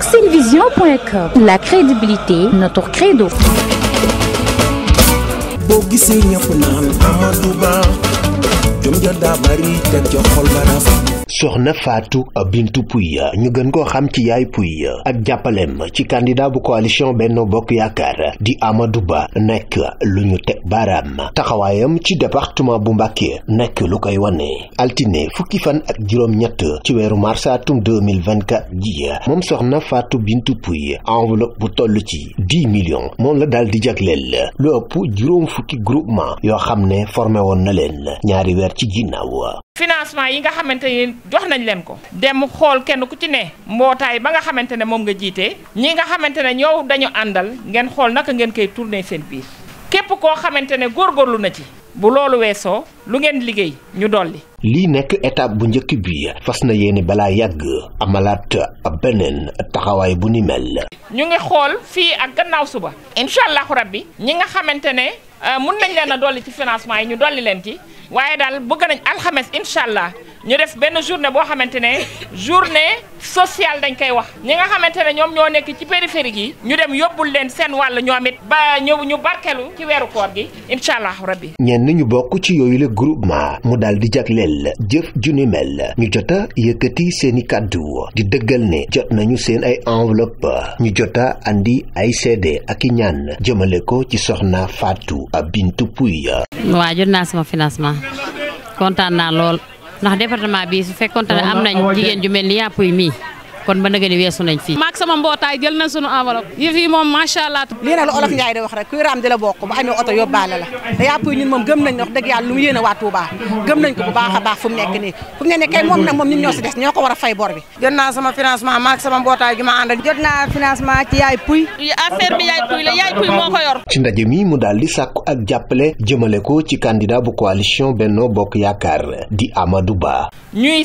Maxilvision.com La crédibilité, notre credo. boo gisee ñëpp naan Amadou Ba jom ja daa te jox xol soxna Fatou Bintou Pouye ñu gën koo xam ci yaay Pouye ak jàppaleem ci kandidaa bu coalition benn Bokk Yaakaar di Amadou Ba nekk lu ñu teg baaraam taxawaayam ci departement bu Mbacké nekk lu koy wane altine fukki fan ak juróom-ñett ci weeru mars atum 2024 ji moom soxna faatu Bintou Pouye enveloppe bu toll ci 10 millions moom la daal di jagleel lu ëpp juróom fukki groupement yoo xam ne formé woon na leen ñaari weer ci ginnaaw financement yi nga xamante ni jox nañ leen ko dem xool kenn ku ci ne mbootaay ba nga xamante ne moom nga jiite ñi nga xamante ne ñoo dañu àndal ngeen xool naka ngeen koy tourner seen biir képp koo xamante ne góor góorlu na ci bu loolu weesoo lu ngeen liggéey ñu dolli. li nekk étape bu njëkk bi fas na yéene balaa yàgg amalaat beneen taxawaay bu ni mel. ñu ngi xool fii ak gannaaw suba incha allahu rabbi ñi nga xamante ne euh, mun nañ leen a dolli ci financement yi ñu dolli leen ci waaye daal bëgg nañ alxames incha allah. ñu def benn ñu bokk ci yooyu la groupement mu daldi di jagleel jëf ju ni mel ñu jota yëkkati seeni kàddu di dëggal ne jot nañu seen ay enveloppe ñu jota andi ay CD ak i ñaan jëmale ko ci soxna Fatou Bintou Pouye waaw jot naa sama financement kontaan naa lool ndax département bi su fekkoon ne am nañ jigéen ju mel ni yàpp yi mii kon ba nag ni weesu nañ fii. maak sama mbootaay jël nañ sunu enveloppe yëf yi moom macha allah. lii nag la olof Ndiaye di wax rek kuy raam di la bokk bu amee oto yóbbaale la te yàpp yi ñun moom gëm nañ dëgg yàlla lu mu yéene waa Touba gëm baax a baax fu mu nekk nii ne moom nag moom ñun ñoo si des ñoo ko war a fay bor bi. jot naa sama financement maak sama mbootaay gi ma ànd ak. jot naa financement ci yaay puy. affaire bi yaay puy la yaay puy moo ko yor. ci ndaje mi mu daal di sàkku ak jàppale jëmale ko ci candidat bu coalition Benno Bokk Yaakaar di Amadou Ba ñuy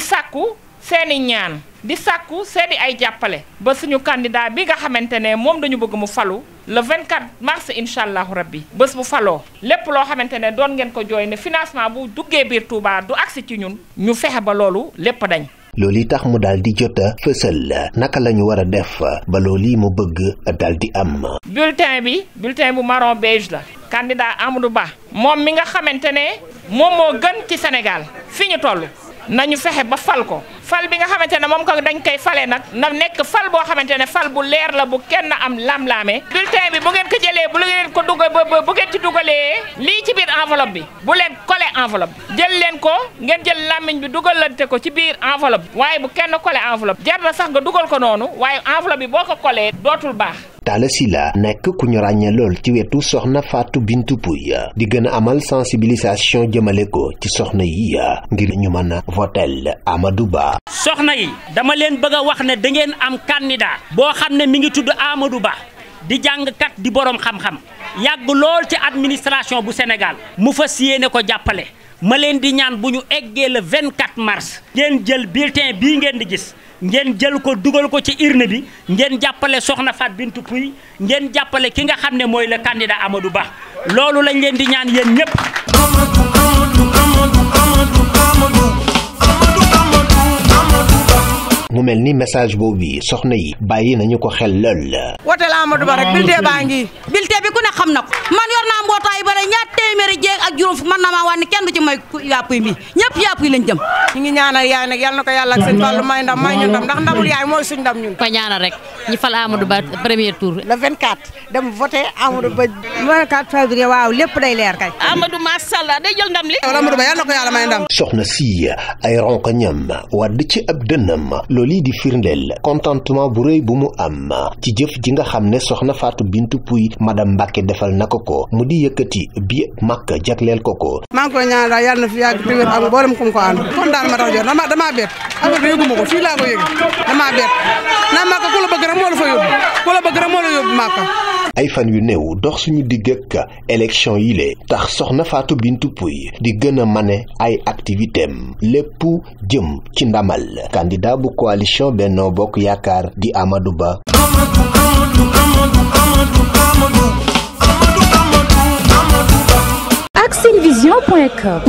seeni ñaan di sàkku seeni ay jàppale ba suñu candidat bi nga xamante ne moom dañu bëgg mu falu le 24 mars incha allahu rabbi bés bu faloo lépp loo xamante ne doon ngeen ko jooy ne financement bu duggee biir Touba du agsi ci ñun ñu fexe ba loolu lépp dañ loolu yi tax mu daal di jot a fësal naka la ñu war a def ba loolu yi mu bëgg daal di am. bulletin bi bulletin bu marron beige la. candidat Amadou Ba. moom mi nga xamante ne moom moo gën ci Sénégal fi ñu toll nañu fexe ba fal ko. fal bi nga xamante ne moom ka dañ koy fale nag na nekk fal boo xamante ne fal bu leer la bu kenn am lam-laamee bulletin bi bu ngeen ko jëlee bu ngeen ko dugal bu ngeen ci dugalee lii ci biir enveloppe bi bu leen collé enveloppe bi jël leen ko ngeen jël làmmiñ bi dugalante ko ci biir enveloppe bi waaye bu kenn collé enveloppe jar na sax nga dugal ko noonu waaye enveloppe bi boo ko collé dootul baax Talla Sylla nek ku ñu lol lool ci wetu soxna Fatou Bintou di gëna amal sensibilisation jëmele ko ci soxna yi ngir ñu mëna votel Amadou Ba. soxna yi dama leen bëgg wax ne da ngeen am candidat bo xamne mi ngi tuddu Amadou Ba di kat di borom xam-xam yag lol ci administration bu Senegal, mu fas yéene ko jappalé ma leen di ñaan bu ñu le 24 mars ngeen jël bulletin bi ngeen di gis. ngeen jël ko dugal ko ci urne bi ngeen jàppale soxna Fat bint Pouye ngeen jàppale ki nga xam ne mooy le candidat Amadou Ba loolu lañ leen di ñaan yéen ñëpp. mu mel ni message boobu yi soxna yi bàyyi nañu ko xel lool. wote la Amadou Ba rek bulletin baa ngi bulletin bi ku ne xam na ko man yor naa mbootaay ak juróom fu mën na maa wax ne kenn du ci may yàpp yi mii ñëpp yi lañ jëm ñu ngi ñaanal yaay nak yalla nako yalla ak seen wàllu may ndam may ñu ndam ndax ndamul yaay moy suñ ndam ñun ko ñaanal rek ñi fal Amadou Ba premier tour le 24 dem voter Amadou Ba 24 février waaw lepp day leer kay Amadou macha allah day jël ndam li Amadou Ba yalla nako yalla may ndam soxna si ay ronk ñam wad ci ab deñam loli di firndel contentement bu reuy bu mu am ci jëf ji nga xamne soxna Fatou Bintou Pouye madame Mbacké defal nako ko mu di yëkëti bi màkk jagle jagleel ko ko. maa koy ñaanal daal yàlla na fi yàgg téwér ak mboolem kum ko ànd kon daal ma tax jot dama damaa bett affaire bi yëguma ko fii laa ko yëge damaa bett naa màkka ku la bëgg rek moo fa yóbbu ku la bëgg rek moo yóbbu màkka ay fan yu néew dox suñu digg ak élection yi le tax soxna faatu Bintou Pouye di gëna a mane ay activité am jëm ci ndamal candidat bu coalition Benno Bokk Yaakaar di amadu Ba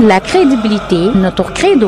La crédibilité, notre credo.